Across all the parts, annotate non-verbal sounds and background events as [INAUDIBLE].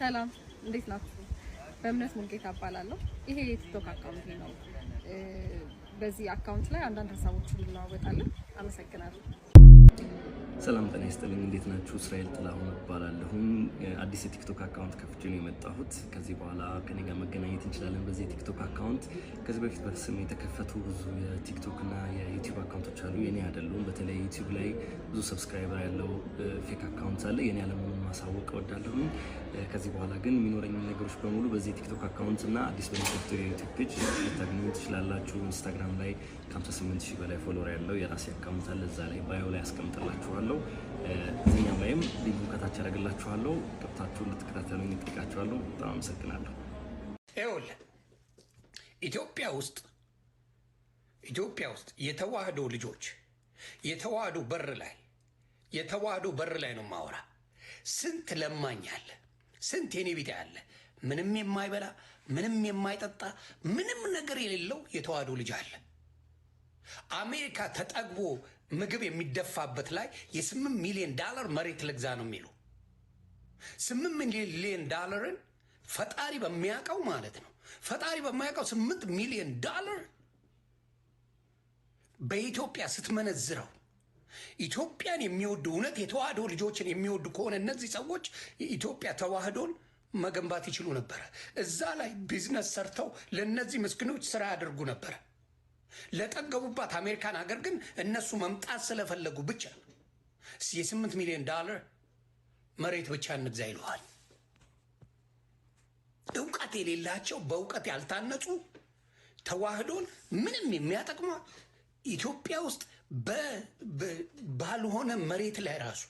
ሰላም እንዴት ናችሁ? በእምነት ሙልጌታ እባላለሁ። ይሄ የቲክቶክ አካውንት ነው። በዚህ አካውንት ላይ አንዳንድ ሀሳቦችን እንለዋወጣለን። አመሰግናለሁ። ሰላም ጤና ይስጥልኝ። እንዴት ናችሁ? እስራኤል ጥላሁን እባላለሁም። አዲስ የቲክቶክ አካውንት ከፍቼ ነው የመጣሁት። ከዚህ በኋላ ከኔ ጋር መገናኘት እንችላለን በዚህ የቲክቶክ አካውንት። ከዚህ በፊት በስም የተከፈቱ ብዙ የቲክቶክ እና የዩቲዩብ አካውንቶች አሉ፣ የኔ አይደሉም። በተለይ ዩቲዩብ ላይ ብዙ ሰብስክራይበር ያለው ፌክ አካውንት አለ፣ የኔ አለመሆኑን ማሳወቅ እወዳለሁኝ። ከዚህ በኋላ ግን የሚኖረኝ ነገሮች በሙሉ በዚህ የቲክቶክ አካውንት እና አዲስ በሚከፍቱ የዩቲዩብ ፔጅ ልታገኙ ትችላላችሁ። ኢንስታግራም ላይ ከ58 ሺህ በላይ ፎሎወር ያለው የራሴ አካውንት አለ፣ እዛ ላይ ባዮ ላይ አስቀምጠ አስቀምጥላችኋለሁ። እዚኛም ላይም ሊንኩ ከታች ያደርግላችኋለሁ። ገብታችሁ እንድትከታተሉ እጠይቃችኋለሁ። በጣም አመሰግናለሁ። ይኸውልህ ኢትዮጵያ ውስጥ ኢትዮጵያ ውስጥ የተዋህዶ ልጆች የተዋህዶ በር ላይ የተዋህዶ በር ላይ ነው ማወራ። ስንት ለማኝ አለ፣ ስንት የኔ ቢጤ አለ፣ ምንም የማይበላ ምንም የማይጠጣ ምንም ነገር የሌለው የተዋህዶ ልጅ አለ። አሜሪካ ተጠግቦ ምግብ የሚደፋበት ላይ የስምንት ሚሊዮን ዳላር መሬት ልግዛ ነው የሚሉ ስምንት ሚሊዮን ዳላርን ፈጣሪ በሚያውቀው ማለት ነው። ፈጣሪ በማያውቀው ስምንት ሚሊዮን ዳላር በኢትዮጵያ ስትመነዝረው ኢትዮጵያን የሚወዱ እውነት የተዋህዶ ልጆችን የሚወዱ ከሆነ እነዚህ ሰዎች ኢትዮጵያ ተዋህዶን መገንባት ይችሉ ነበረ። እዛ ላይ ቢዝነስ ሰርተው ለእነዚህ ምስኪኖች ስራ ያደርጉ ነበረ። ለጠገቡባት አሜሪካን ሀገር ግን እነሱ መምጣት ስለፈለጉ ብቻ የስምንት ሚሊዮን ዳላር መሬት ብቻ እንግዛ ይለዋል። እውቀት የሌላቸው በእውቀት ያልታነጹ ተዋህዶን ምንም የሚያጠቅሟ ኢትዮጵያ ውስጥ ባልሆነ መሬት ላይ ራሱ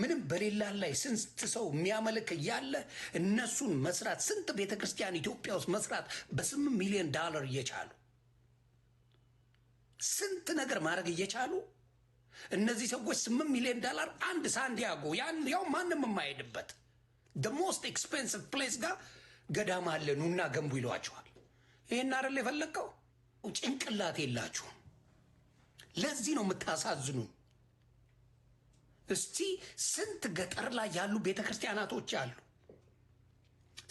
ምንም በሌላ ላይ ስንት ሰው የሚያመልክ እያለ እነሱን መስራት ስንት ቤተክርስቲያን ኢትዮጵያ ውስጥ መስራት በስምንት ሚሊዮን ዳላር እየቻሉ ስንት ነገር ማድረግ እየቻሉ እነዚህ ሰዎች ስምንት ሚሊዮን ዶላር አንድ ሳንዲያጎ ያው ማንም የማይሄድበት ደ ሞስት ኤክስፔንሲቭ ፕሌስ ጋር ገዳም አለ ኑና ገንቡ ይሏቸዋል። ይህን አይደል የፈለግከው? ጭንቅላት የላችሁም። ለዚህ ነው የምታሳዝኑ? እስቲ ስንት ገጠር ላይ ያሉ ቤተክርስቲያናቶች አሉ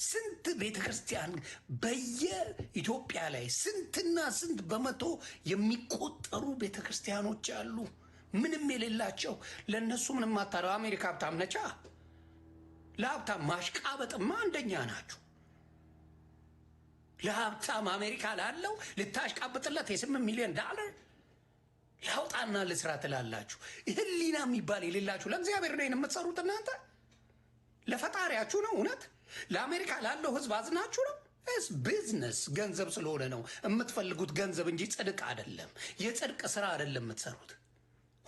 ስንት ቤተ ክርስቲያን በየኢትዮጵያ ላይ ስንትና ስንት በመቶ የሚቆጠሩ ቤተ ክርስቲያኖች አሉ፣ ምንም የሌላቸው ለእነሱ ምንም አታረ አሜሪካ ሀብታም ነቻ። ለሀብታም ማሽቃበጥማ አንደኛ ናችሁ። ለሀብታም አሜሪካ ላለው ልታሽቃብጥለት የስምንት ሚሊዮን ዳለር ላውጣና ልስራ ትላላችሁ። ህሊና የሚባል የሌላችሁ ለእግዚአብሔር ነው የምትሰሩት እናንተ ለፈጣሪያችሁ ነው እውነት ለአሜሪካ ላለው ህዝብ አዝናችሁ ነው። ቢዝነስ ገንዘብ ስለሆነ ነው የምትፈልጉት ገንዘብ እንጂ ጽድቅ አይደለም። የጽድቅ ስራ አይደለም የምትሰሩት።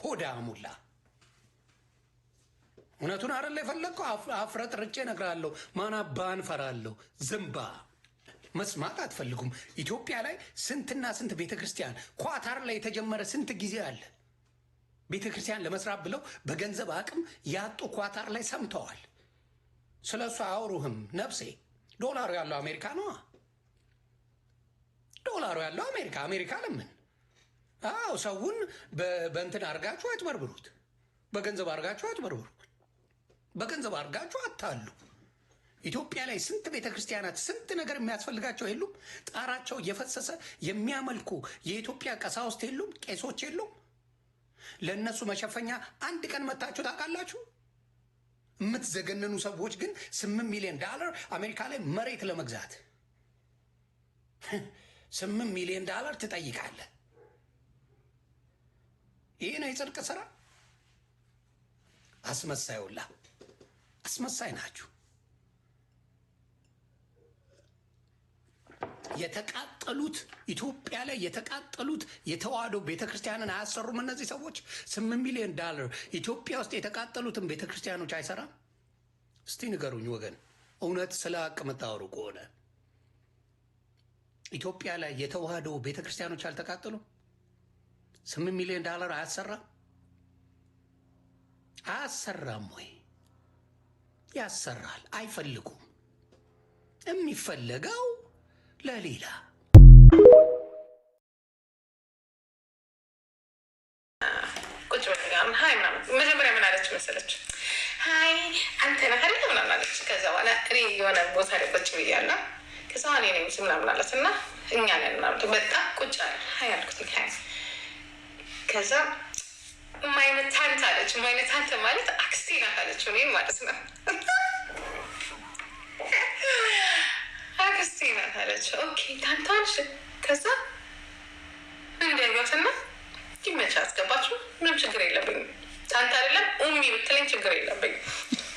ሆዳ ሙላ እውነቱን አይደለ የፈለግከው? አፍረጥ ርጬ እነግርሃለሁ። ማና አባህን እፈራለሁ? ዝምባ መስማት አትፈልጉም። ኢትዮጵያ ላይ ስንትና ስንት ቤተ ክርስቲያን ኳታር ላይ የተጀመረ ስንት ጊዜ አለ። ቤተ ክርስቲያን ለመስራት ብለው በገንዘብ አቅም ያጡ ኳታር ላይ ሰምተዋል። ስለ እሱ አያወሩህም ነፍሴ። ዶላሩ ያለው አሜሪካ ነዋ። ዶላሩ ያለው አሜሪካ አሜሪካ ለምን? አዎ ሰውን በእንትን አድርጋችሁ አትበርብሩት፣ በገንዘብ አድርጋችሁ አትበርብሩት፣ በገንዘብ አድርጋችሁ አታሉ። ኢትዮጵያ ላይ ስንት ቤተ ክርስቲያናት ስንት ነገር የሚያስፈልጋቸው የሉም? ጣራቸው እየፈሰሰ የሚያመልኩ የኢትዮጵያ ቀሳውስት የሉም? ቄሶች የሉም? ለእነሱ መሸፈኛ አንድ ቀን መታችሁ ታውቃላችሁ? የምትዘገነኑ ሰዎች ግን ስምንት ሚሊዮን ዳላር አሜሪካ ላይ መሬት ለመግዛት ስምንት ሚሊዮን ዳላር ትጠይቃለህ። ይህ ነው የጽድቅ ስራ። አስመሳይ ሁላ አስመሳይ ናችሁ። የተቃጠሉት ኢትዮጵያ ላይ የተቃጠሉት የተዋህዶ ቤተክርስቲያንን አያሰሩም። እነዚህ ሰዎች ስምንት ሚሊዮን ዳላር ኢትዮጵያ ውስጥ የተቃጠሉትን ቤተክርስቲያኖች አይሰራም። እስቲ ንገሩኝ ወገን፣ እውነት ስለ ሀቅ የምታወሩ ከሆነ ኢትዮጵያ ላይ የተዋህዶ ቤተ ክርስቲያኖች አልተቃጠሉም? ስምንት ሚሊዮን ዳላር አያሰራም አያሰራም ወይ? ያሰራል። አይፈልጉም። የሚፈለገው ለሌላ ቁጭ ምናምን መጀመሪያ ምን አለች መሰለች ሀይ አንተ ነህ አይደል ምናምን አለች። ከዛ በኋላ እኔ የሆነ ቦታ ላይ ቁጭ ብያለሁ። ከዛ እኔ ነኝ ምናምን አላት እና እኛ ነን ምናምን በጣም ቁጭ አለ። ሀይ አልኩት ሀይ ከዛ ማይነት ታንት አለች። ማይነት ታንት ማለት አክስቴ ናት አለች። እኔም ማለት ነው አክስቴ ናት አለች። ኦኬ ታንት አለች። ከዛ እንዲያዩትና ይመቻ አስገባችሁ ምንም ችግር የለብኝም አንተ አይደለም ኡሚ ብትለኝ ችግር የለብኝ።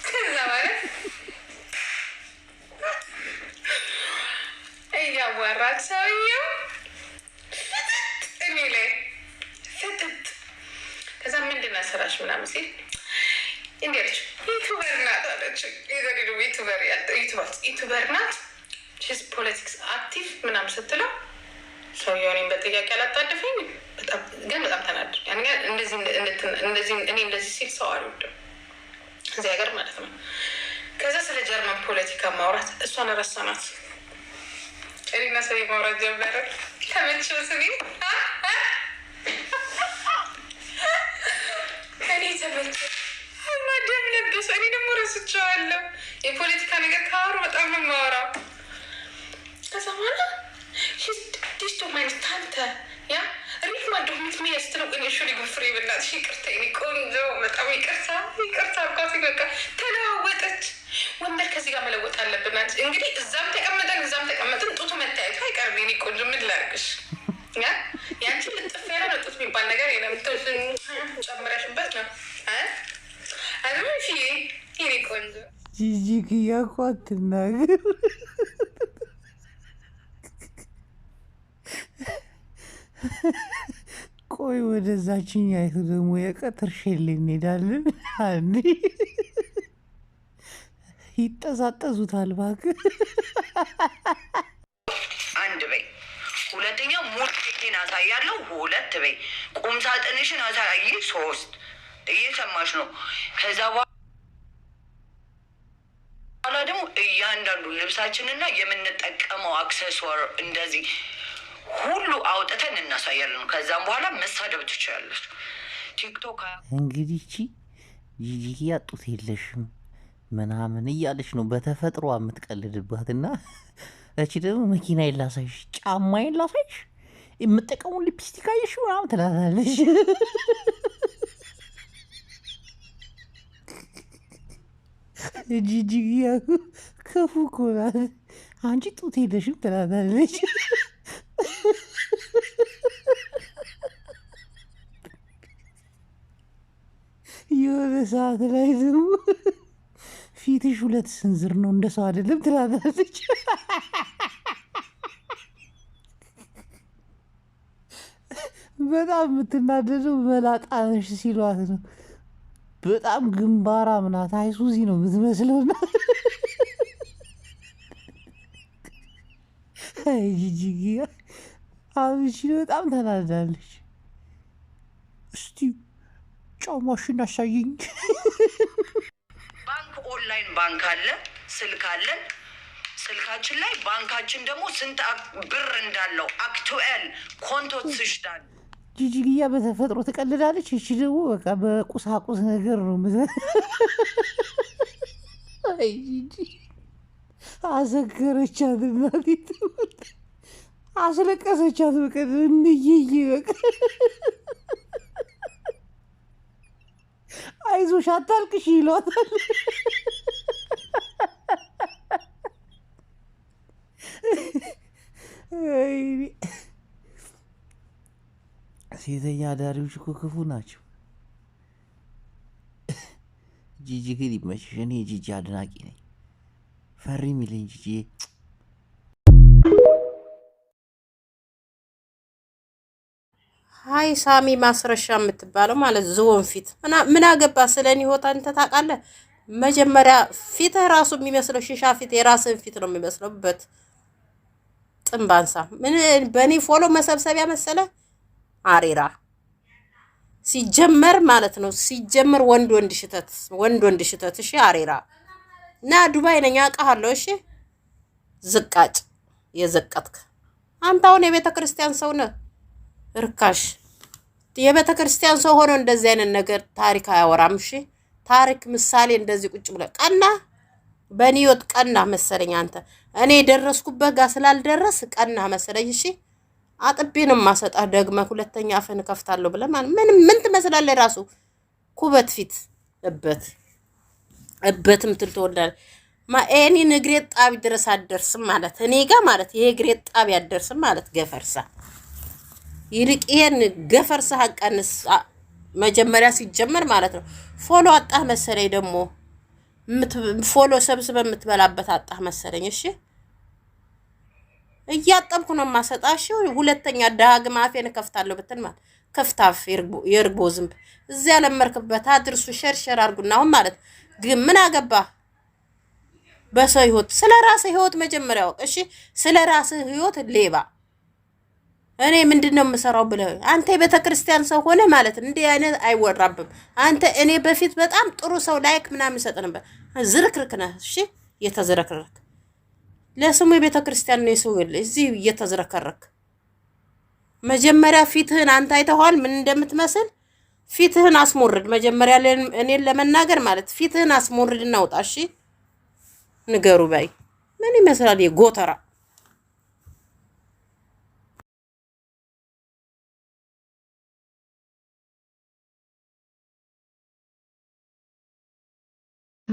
ከዛ ማለት እያወራት ሰውየው ፍጥጥ እኔ ላይ ፍጥጥ። ከዛ ምንድን ነው ስራሽ ምናምን ሲል እንዲያች ዩቱበር ናት አለች። የዘሪዱ ዩቱበር ዩቱበር ናት ፖለቲክስ አክቲቭ ምናምን ስትለው ሰውየውን በጥያቄ አላጣደፈኝ ግን በጣም ተናድር ያን ግን እንደዚህ እኔ እንደዚህ ሲል ሰው አልወድም እዚህ ሀገር ማለት ነው። ከዛ ስለ ጀርመን ፖለቲካ ማውራት እሷን ረሳናት። እኔና ሰው ማውራት ጀመረ ተመቸው ስሜ እኔ ተመቸው ማደም ለበሰ እኔ ደግሞ ረስቸዋለሁ። የፖለቲካ ነገር ካወሩ በጣም ነው ከዛ በኋላ ዲስቶ ማይነት ታንተ ያ አዶሚት ምን ያስተለቁኝ ሹ ሊጉፍሪ ይቅርታ፣ የኔ ቆንጆ በጣም ይቅርታ፣ ይቅርታ አኳት በቃ ተለዋወጠች። ወንበር ከዚህ ጋር መለወጥ አለብን። እንግዲህ እዛም ተቀመጠን እዛም ተቀመጥን ጡቱ መታየቱ አይቀርም። የኔ ቆንጆ ምን ላርግሽ? ያንቺ ልጥፍ ያለ ነው ጡት የሚባል ነገር የለም። ጨምረሽበት ነው አዶሚት። የኔ ቆንጆ ጂጂክያ እኮ አትናገር ቆይ ወደዛችኛይቱ ደግሞ የቀትር ሼል እንሄዳለን። አንዴ ይጠዛጠዙታል። እባክህ አንድ በይ፣ ሁለተኛ ሙርቴን አሳያለሁ፣ ሁለት በይ፣ ቁምሳጥንሽን አሳይ፣ ሶስት እየሰማሽ ነው። ከዛ በኋላ ደግሞ እያንዳንዱ ልብሳችንና የምንጠቀመው አክሰስዋር እንደዚህ ሁሉ አውጥተን እናሳያለን። ከዛም በኋላ መሳደብ ትችላለች። ቲክቶክ እንግዲህ ይቺ ጂጂኪያ ጡት የለሽም ምናምን እያለች ነው በተፈጥሮ የምትቀልድባት እና እቺ ደግሞ መኪና የላሳይሽ ጫማ የላሳይሽ የምጠቀሙን ሊፕስቲክ አየሽ ምናምን ትላታለች። ጂጂኪያ ክፉ እኮ ናት። አንቺ ጡት የለሽም ትላታለች። የሆነ ሰዓት ላይ ደግሞ ፊትሽ ሁለት ስንዝር ነው እንደ ሰው አይደለም ትላለች። በጣም የምትናደደው መላጣነሽ ሲሏት ነው። በጣም ግንባራም ናት። አይሱዚ ነው የምትመስለውና ጂጂጊያ አብጂን በጣም ተናዳለች። እስቲ ጫማሽን አሳየኝ። ባንክ ኦንላይን ባንክ አለ፣ ስልክ አለ ስልካችን ላይ ባንካችን ደግሞ ስንት ብር እንዳለው አክቱኤል ኮንቶ ትሽዳል። ጂጂግያ በተፈጥሮ ትቀልዳለች። እቺ ደግሞ በቃ በቁሳቁስ ነገር ነው ምዘ አይ ጂጂ አዘገረች። አስለቀሰቻት። በቃ ምይይ በቃ አይዞሽ አታልቅሽ ይሏታል። ሴተኛ አዳሪዎች እኮ ክፉ ናቸው። ጂጂ ግን ይመችሽ። እኔ ጂጂ አድናቂ ነኝ። ፈሪ ሚለኝ ጂጂ ሀይ ሳሚ ማስረሻ የምትባለው ማለት ዝወን ፊት ምን አገባ ስለ እኔ ህይወት አንተ ታውቃለህ? መጀመሪያ ፊትህ ራሱ የሚመስለው ሽሻ ፊት የራስህን ፊት ነው የሚመስለውበት ጥንባንሳ ምን በእኔ ፎሎ መሰብሰቢያ መሰለ አሬራ ሲጀመር ማለት ነው ሲጀመር ወንድ ወንድ ሽተት ወንድ ወንድ ሽተት እሺ አሬራ እና ዱባይ ነኝ አውቃለሁ እሺ ዝቃጭ የዘቀጥክ አንተ አሁን የቤተ ክርስቲያን ሰው ነህ እርካሽ የቤተ ክርስቲያን ሰው ሆኖ እንደዚህ አይነት ነገር ታሪክ አያወራም። እሺ ታሪክ ምሳሌ እንደዚህ ቁጭ ብለ ቀና በኒዮት ቀና መሰለኝ። አንተ እኔ የደረስኩበት ጋር ስላልደረስ ቀና መሰለኝ። እሺ አጥቤንም ማሰጣ ደግመ ሁለተኛ አፈን ከፍታለሁ ብለ ምን ምን ትመስላለህ? ራሱ ኩበት ፊት እበት እበትም ትል ትወልዳለህ። ማኤኒን እግሬ ጣቢ ድረስ አደርስም ማለት እኔ ጋር ማለት ይሄ እግሬ ጣቢ አደርስም ማለት ገፈርሳ ይልቅ ይሄን ገፈር ሰህ ቀንስ። መጀመሪያ ሲጀመር ማለት ነው ፎሎ አጣህ መሰለኝ። ደግሞ ፎሎ ሰብስበ የምትበላበት አጣህ መሰለኝ። እሺ እያጠብኩ ነው የማሰጣሽ። ሁለተኛ ዳግም አፌን እከፍታለሁ ብትል ማለት ከፍታፍ የእርጎ ዝንብ እዚያ ለመርክበት አድርሱ። ሸርሸር አድርጉና አሁን ማለት ግን ምን አገባ በሰው ህይወት። ስለ ራስህ ህይወት መጀመሪያ ወቅ። እሺ ስለ ራስህ ህይወት ሌባ እኔ ምንድን ነው የምሰራው ብለ አንተ የቤተ ክርስቲያን ሰው ሆነ ማለት ነው። እንዲህ አይነት አይወራብም። አንተ እኔ በፊት በጣም ጥሩ ሰው ላይክ ምናምን ይሰጥ ነበር። ዝርክርክ ነህ። እሺ እየተዝረክረክ ለስሙ የቤተ ክርስቲያን ነው ሰው እዚህ እየተዝረከረክ መጀመሪያ ፊትህን አንተ አይተኸዋል፣ ምን እንደምትመስል ፊትህን አስሞርድ። መጀመሪያ እኔን ለመናገር ማለት ፊትህን አስሞርድ እናውጣ። እሺ ንገሩ ባይ ምን ይመስላል የጎተራ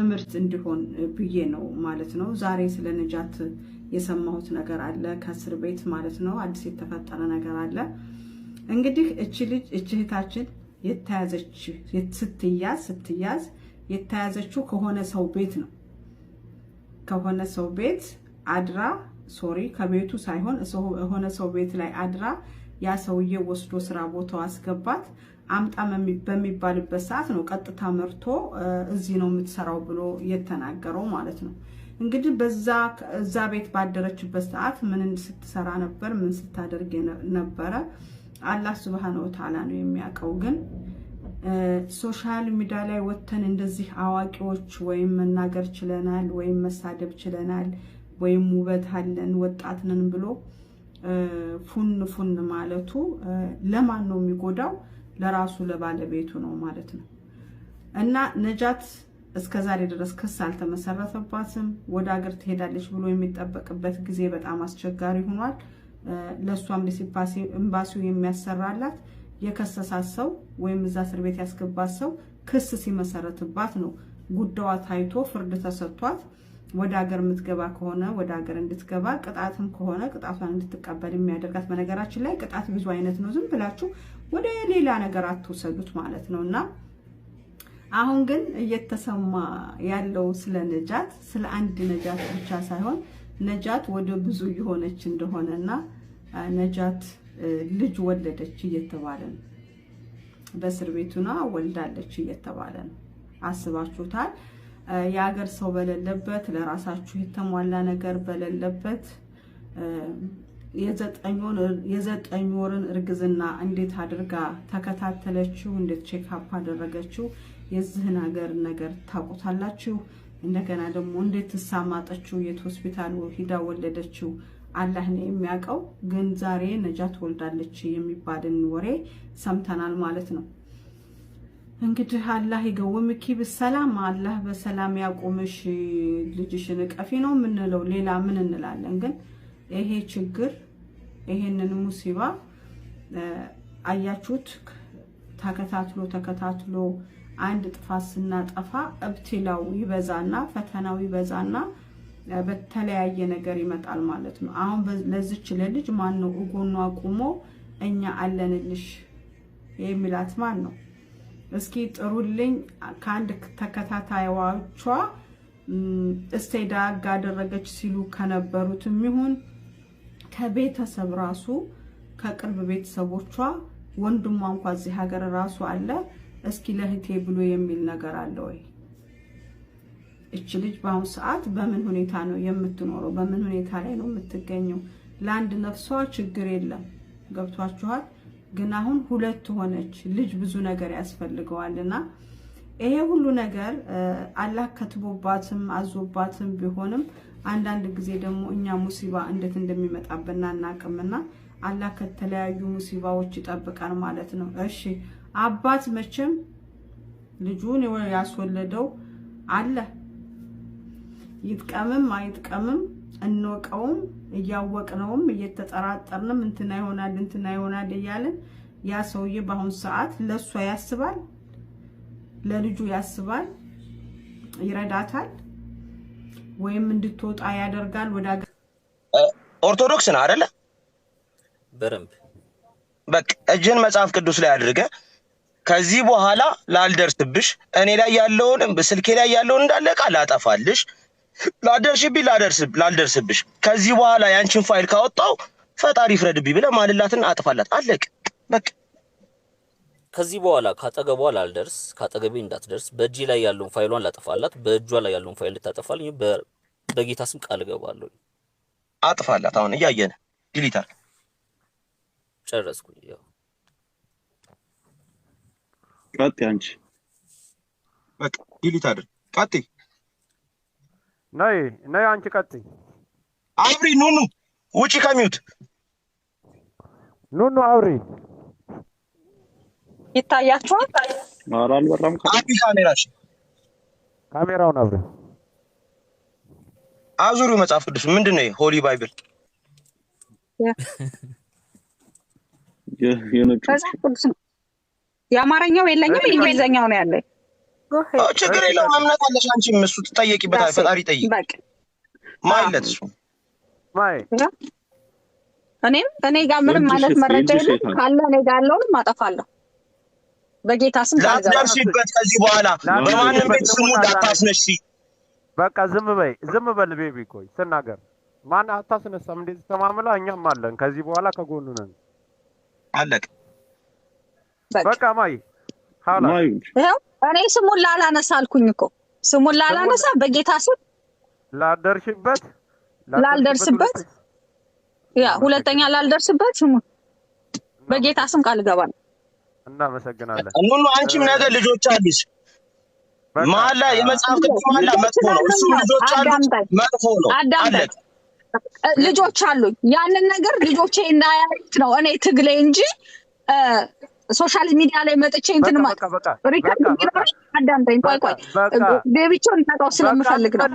ትምህርት እንዲሆን ብዬ ነው ማለት ነው። ዛሬ ስለ ነጃት የሰማሁት ነገር አለ ከእስር ቤት ማለት ነው። አዲስ የተፈጠረ ነገር አለ። እንግዲህ እች ልጅ እቺ እህታችን የተያዘች ስትያዝ ስትያዝ የተያዘችው ከሆነ ሰው ቤት ነው። ከሆነ ሰው ቤት አድራ ሶሪ ከቤቱ ሳይሆን የሆነ ሰው ቤት ላይ አድራ ያ ሰውዬ ወስዶ ስራ ቦታው አስገባት። አምጣ በሚባልበት ሰዓት ነው ቀጥታ መርቶ እዚህ ነው የምትሰራው ብሎ የተናገረው ማለት ነው። እንግዲህ በዛ እዛ ቤት ባደረችበት ሰዓት ምን ስትሰራ ነበር? ምን ስታደርግ ነበረ? አላህ ስብሃነ ወተዓላ ነው የሚያውቀው። ግን ሶሻል ሚዲያ ላይ ወጥተን እንደዚህ አዋቂዎች ወይም መናገር ችለናል ወይም መሳደብ ችለናል ወይም ውበት አለን ወጣት ነን ብሎ ፉን ፉን ማለቱ ለማን ነው የሚጎዳው? ለራሱ ለባለቤቱ ነው ማለት ነው። እና ነጃት እስከ ዛሬ ድረስ ክስ አልተመሰረተባትም። ወደ ሀገር ትሄዳለች ብሎ የሚጠበቅበት ጊዜ በጣም አስቸጋሪ ሆኗል። ለእሷም ኤምባሲው የሚያሰራላት የከሰሳት ሰው ወይም እዛ እስር ቤት ያስገባት ሰው ክስ ሲመሰረትባት ነው ጉዳዋ ታይቶ ፍርድ ተሰጥቷት ወደ ሀገር የምትገባ ከሆነ ወደ ሀገር እንድትገባ ቅጣትም ከሆነ ቅጣቷን እንድትቀበል የሚያደርጋት። በነገራችን ላይ ቅጣት ብዙ አይነት ነው። ዝም ብላችሁ ወደ ሌላ ነገር አትውሰዱት ማለት ነው እና አሁን ግን እየተሰማ ያለው ስለ ነጃት ስለ አንድ ነጃት ብቻ ሳይሆን ነጃት ወደ ብዙ የሆነች እንደሆነ እና ነጃት ልጅ ወለደች እየተባለ ነው። በእስር ቤቱና ወልዳለች እየተባለ ነው። አስባችሁታል? የሀገር ሰው በሌለበት ለራሳችሁ የተሟላ ነገር በሌለበት የዘጠኝ ወርን እርግዝና እንዴት አድርጋ ተከታተለችው? እንዴት ቼክአፕ አደረገችው? የዚህን ሀገር ነገር ታውቁታላችሁ። እንደገና ደግሞ እንዴት ትሳማጠችው? የት ሆስፒታል ሂዳ ወለደችው? አላህ ነው የሚያውቀው። ግን ዛሬ ነጃት ወልዳለች የሚባልን ወሬ ሰምተናል ማለት ነው። እንግዲህ አላህ ይገውምኪ ብሰላም፣ አላህ በሰላም ያቆምሽ፣ ልጅሽን እቀፊ ነው የምንለው። ሌላ ምን እንላለን? ግን ይሄ ችግር ይሄንን ሙሲባ አያችሁት። ተከታትሎ ተከታትሎ አንድ ጥፋት ስናጠፋ እብትላው ይበዛና ፈተናው ይበዛና በተለያየ ነገር ይመጣል ማለት ነው። አሁን ለዚች ለልጅ ማን ነው እጎኗ ቁሞ እኛ አለንልሽ የሚላት ማን ነው? እስኪ ጥሩልኝ። ከአንድ እስቴ እስተዳግ አደረገች ሲሉ ከነበሩትም ይሁን ከቤተሰብ ራሱ ከቅርብ ቤተሰቦቿ ወንድሟ እንኳ እዚህ ሀገር ራሱ አለ እስኪ ለህቴ ብሎ የሚል ነገር አለ ወይ? እች ልጅ በአሁኑ ሰዓት በምን ሁኔታ ነው የምትኖረው? በምን ሁኔታ ላይ ነው የምትገኘው? ለአንድ ነፍሷ ችግር የለም ገብቷችኋል። ግን አሁን ሁለት ሆነች። ልጅ ብዙ ነገር ያስፈልገዋል እና ይሄ ሁሉ ነገር አላህ ከትቦባትም አዞባትም ቢሆንም አንዳንድ ጊዜ ደግሞ እኛ ሙሲባ እንዴት እንደሚመጣብን አናቅምና አላህ ከተለያዩ ሙሲባዎች ይጠብቃል ማለት ነው። እሺ አባት መቼም ልጁን ያስወለደው አለ ይጥቀምም አይጥቀምም እንወቀውም እያወቅነውም እየተጠራጠርንም እንትና ይሆናል እንትና ይሆናል እያልን ያ ሰውዬ በአሁኑ ሰዓት ለእሷ ያስባል፣ ለልጁ ያስባል፣ ይረዳታል። ወይም እንድትወጣ ያደርጋል። ወደ ኦርቶዶክስ ነህ አደለ? በደንብ በቃ እጅን መጽሐፍ ቅዱስ ላይ አድርገ ከዚህ በኋላ ላልደርስብሽ፣ እኔ ላይ ያለውን ስልኬ ላይ ያለውን እንዳለ ቃል ላጠፋልሽ፣ ላደርሽብኝ፣ ላልደርስብሽ፣ ከዚህ በኋላ ያንቺን ፋይል ካወጣው ፈጣሪ ፍረድብኝ ብለህ ማልላትን አጥፋላት። አለቅ በቃ ከዚህ በኋላ ካጠገቧ ላልደርስ ካጠገቤ እንዳትደርስ በእጅ ላይ ያለውን ፋይሏን ላጠፋላት በእጇ ላይ ያለውን ፋይል ልታጠፋልኝ በጌታ ስም ቃል እገባለሁ። አጥፋላት። አሁን እያየን ዲሊታል ጨረስኩኝ። ያው ቀጥ አንቺ በቃ ዲሊት አድርግ። ቀጥ ነይ ነይ፣ አንቺ ቀጥ አብሪ። ኑኑ ውጪ ከሚዩት ኑኑ አብሪ ይታያችኋል? ኧረ አልበራም። ካሜራውን አብረ አዙሩ። መጽሐፍ ቅዱስ ምንድን ነው? ሆሊ ባይብል የአማርኛው የለኝም፣ እንግሊዘኛው ነው ያለኝ። ችግር የለውም። እምነት አለሽ አንቺም፣ እሱ ትጠየቂበታል። ፈጣሪ ጠይቅ ማይለት እሱ እኔም እኔ ጋር ምንም ማለት መረጃ የለም። ካለ እኔ ጋር ያለውን ማጠፋለሁ። በጌታ ስም ላትደርሺበት ከዚህ በኋላ በማንም ቤት ስሙ እንዳታስነሺ። በቃ ዝም በይ፣ ዝም በል ቤቢ። ኮይ ስናገር ማን አታስነሳም። እንዴት ተማምላ እኛም አለን። ከዚህ በኋላ ከጎኑ ነን። አለቅ በቃ ማይ ሀላ ይኸው እኔ ስሙን ላላነሳ አልኩኝ እኮ ስሙን ላላነሳ በጌታ ስም ላልደርሽበት ላልደርስበት ያ ሁለተኛ ላልደርስበት ስሙን በጌታ ስም ቃል ገባ እናመሰግናለን። ኑኑ አንቺም ነገ ልጆች አለሽ። መሀል የመጽሐፍ ቅዱስ መጥፎ ነው፣ ልጆች አሉት መጥፎ ነው ልጆች አሉኝ። ያንን ነገር ልጆቼ እንዳያዩት ነው እኔ ትግሌ እንጂ ሶሻል ሚዲያ ላይ መጥቼ እንትን አዳምጠኝ። ቆይ ቆይ ስለምፈልግ ነው።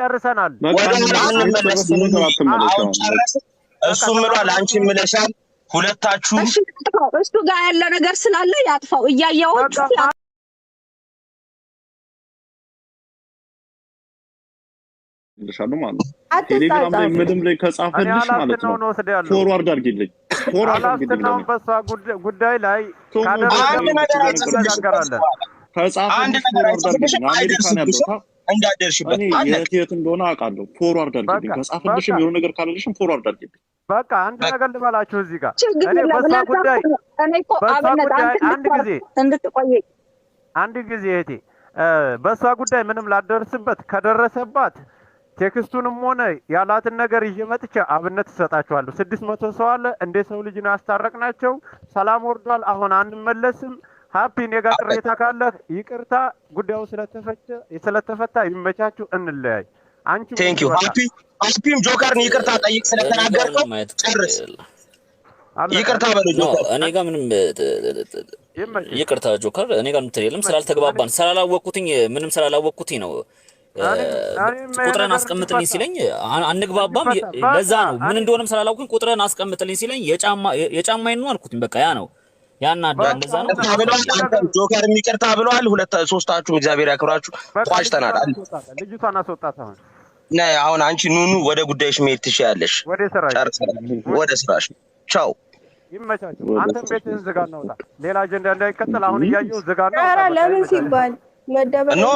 ጨርሰናል። ወደ እሱ ምሏል፣ አንቺ ምለሻል። ሁለታችሁ እሱ ጋር ያለ ነገር ስላለ ያጥፋው። እያየሁት ቴሌግራም ላይ ምንም ላይ ከጻፈልሽ ማለት ነው ፎርዋርድ አድርጊልኝ። ላስትናውን በሷ ጉዳይ ላይ ከጻፈልሽ እንዳደርሽበት የት እንደሆነ አውቃለሁ። ፎርዋርድ አድርጊልኝ። ከጻፈልሽም የሆነ ነገር ካለልሽም ፎርዋርድ አድርጊልኝ። በቃ አንድ ነገር ልበላችሁ እዚህ ጋር እኔ በእሷ ጉዳይ በእሷ ጉዳይ አንድ ጊዜ እንድትቆየኝ አንድ ጊዜ እህቴ በእሷ ጉዳይ ምንም ላደርስበት ከደረሰባት ቴክስቱንም ሆነ ያላትን ነገር ይዤ መጥቼ አብነት እሰጣችኋለሁ። ስድስት መቶ ሰው አለ እንደ ሰው ልጅ ነው ያስታረቅናቸው። ሰላም ወርዷል። አሁን አንመለስም። ሀፒ እኔ ጋር ቅሬታ ካለህ ይቅርታ፣ ጉዳዩ ስለተፈታ ይመቻችሁ፣ እንለያይ። አንቺ ቴንክ ዩ ሀፒ አንፒም ጆከርን ይቅርታ ጠይቅ ስለተናገርከው ጨርስ። ይቅርታ በሉ ጆከር። እኔ ጋር ምንም ይቅርታ ጆከር፣ እኔ ጋር ምትል የለም። ስላልተግባባን ስላላወቅኩትኝ ምንም ስላላወቅኩትኝ ነው ቁጥርን አስቀምጥልኝ ሲለኝ አንግባባም። ለዛ ነው ምን እንደሆነም ስላላውቅኝ ቁጥርን አስቀምጥልኝ ሲለኝ የጫማዬን ነው አልኩትኝ። በቃ ያ ነው ያና አዳ እንደዛ ነው ብለዋል። ጆከር ይቅርታ ብለዋል። ሁለት ሶስታችሁም እግዚአብሔር ያክብራችሁ። ቋጭተናል። ልጅቷን አስወጣት አሁን ነይ አሁን አንቺ ኑኑ ወደ ጉዳይሽ መሄድ ትችያለሽ። ወደ ስራሽ ቻው። ይመቻቸው። አንተም ቤትህን ዝጋ፣ እናውጣ። ሌላ አጀንዳ እንዳይቀጥል አሁን እያየሁ ዝጋ። ኧረ ለምን ሲባል ነው።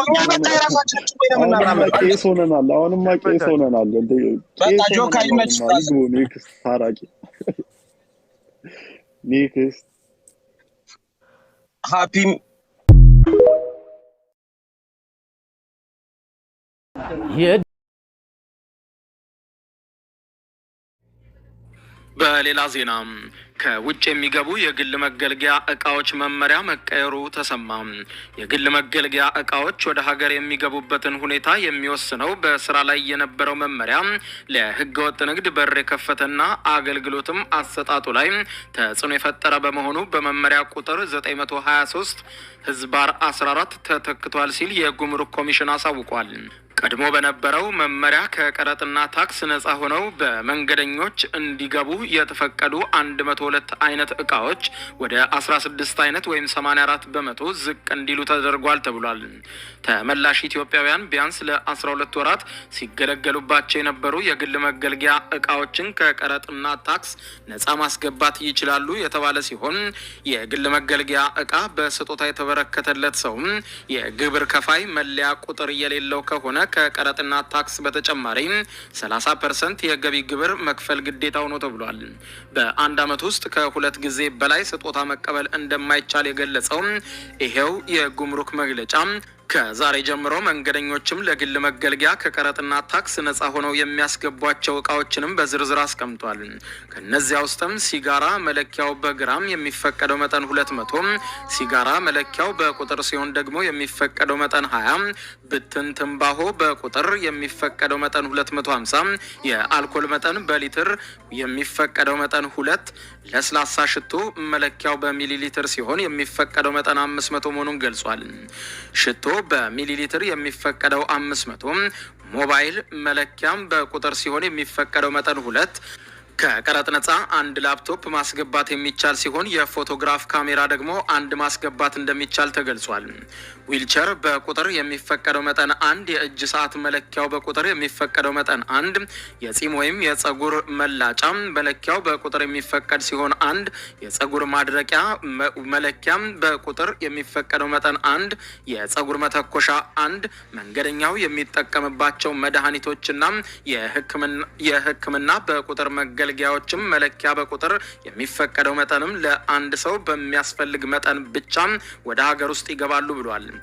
ቄስ ሆነናል። ሆነናል። ጆካ ታራቂ [LAUGHS] በሌላ ዜና ከውጭ የሚገቡ የግል መገልገያ እቃዎች መመሪያ መቀየሩ ተሰማ። የግል መገልገያ እቃዎች ወደ ሀገር የሚገቡበትን ሁኔታ የሚወስነው በስራ ላይ የነበረው መመሪያ ለህገወጥ ንግድ በር የከፈተና አገልግሎትም አሰጣጡ ላይ ተጽዕኖ የፈጠረ በመሆኑ በመመሪያ ቁጥር 923 ህዝባር 14 ተተክቷል ሲል የጉምሩክ ኮሚሽን አሳውቋል። ቀድሞ በነበረው መመሪያ ከቀረጥና ታክስ ነጻ ሆነው በመንገደኞች እንዲገቡ የተፈቀዱ አንድ መቶ ሁለት አይነት እቃዎች ወደ አስራ ስድስት አይነት ወይም 84 አራት በመቶ ዝቅ እንዲሉ ተደርጓል ተብሏል። ተመላሽ ኢትዮጵያውያን ቢያንስ ለአስራ ሁለት ወራት ሲገለገሉባቸው የነበሩ የግል መገልገያ እቃዎችን ከቀረጥና ታክስ ነጻ ማስገባት ይችላሉ የተባለ ሲሆን የግል መገልገያ እቃ በስጦታ የተበረከተለት ሰውም የግብር ከፋይ መለያ ቁጥር የሌለው ከሆነ ከቀረጥና ታክስ በተጨማሪ 30 ፐርሰንት የገቢ ግብር መክፈል ግዴታው ነው ተብሏል። በአንድ ዓመት ውስጥ ከሁለት ጊዜ በላይ ስጦታ መቀበል እንደማይቻል የገለጸው ይሄው የጉምሩክ መግለጫ ከዛሬ ጀምሮ መንገደኞችም ለግል መገልገያ ከቀረጥና ታክስ ነጻ ሆነው የሚያስገቧቸው እቃዎችንም በዝርዝር አስቀምጧል። ከነዚያ ውስጥም ሲጋራ መለኪያው በግራም የሚፈቀደው መጠን ሁለት መቶ ሲጋራ መለኪያው በቁጥር ሲሆን ደግሞ የሚፈቀደው መጠን ሀያ ብትን ትንባሆ በቁጥር የሚፈቀደው መጠን ሁለት መቶ ሀምሳ የአልኮል መጠን በሊትር የሚፈቀደው መጠን ሁለት ለስላሳ ሽቶ መለኪያው በሚሊ ሊትር ሲሆን የሚፈቀደው መጠን አምስት መቶ መሆኑን ገልጿል። ሽቶ በሚሊ ሊትር የሚፈቀደው አምስት መቶ ሞባይል መለኪያም በቁጥር ሲሆን የሚፈቀደው መጠን ሁለት ከቀረጥ ነጻ አንድ ላፕቶፕ ማስገባት የሚቻል ሲሆን የፎቶግራፍ ካሜራ ደግሞ አንድ ማስገባት እንደሚቻል ተገልጿል። ዊልቸር በቁጥር የሚፈቀደው መጠን አንድ፣ የእጅ ሰዓት መለኪያው በቁጥር የሚፈቀደው መጠን አንድ፣ የጺም ወይም የጸጉር መላጫ መለኪያው በቁጥር የሚፈቀድ ሲሆን አንድ፣ የጸጉር ማድረቂያ መለኪያ በቁጥር የሚፈቀደው መጠን አንድ፣ የጸጉር መተኮሻ አንድ፣ መንገደኛው የሚጠቀምባቸው መድኃኒቶችና የሕክምና በቁጥር መገልገያዎችም መለኪያ በቁጥር የሚፈቀደው መጠንም ለአንድ ሰው በሚያስፈልግ መጠን ብቻ ወደ ሀገር ውስጥ ይገባሉ ብሏል።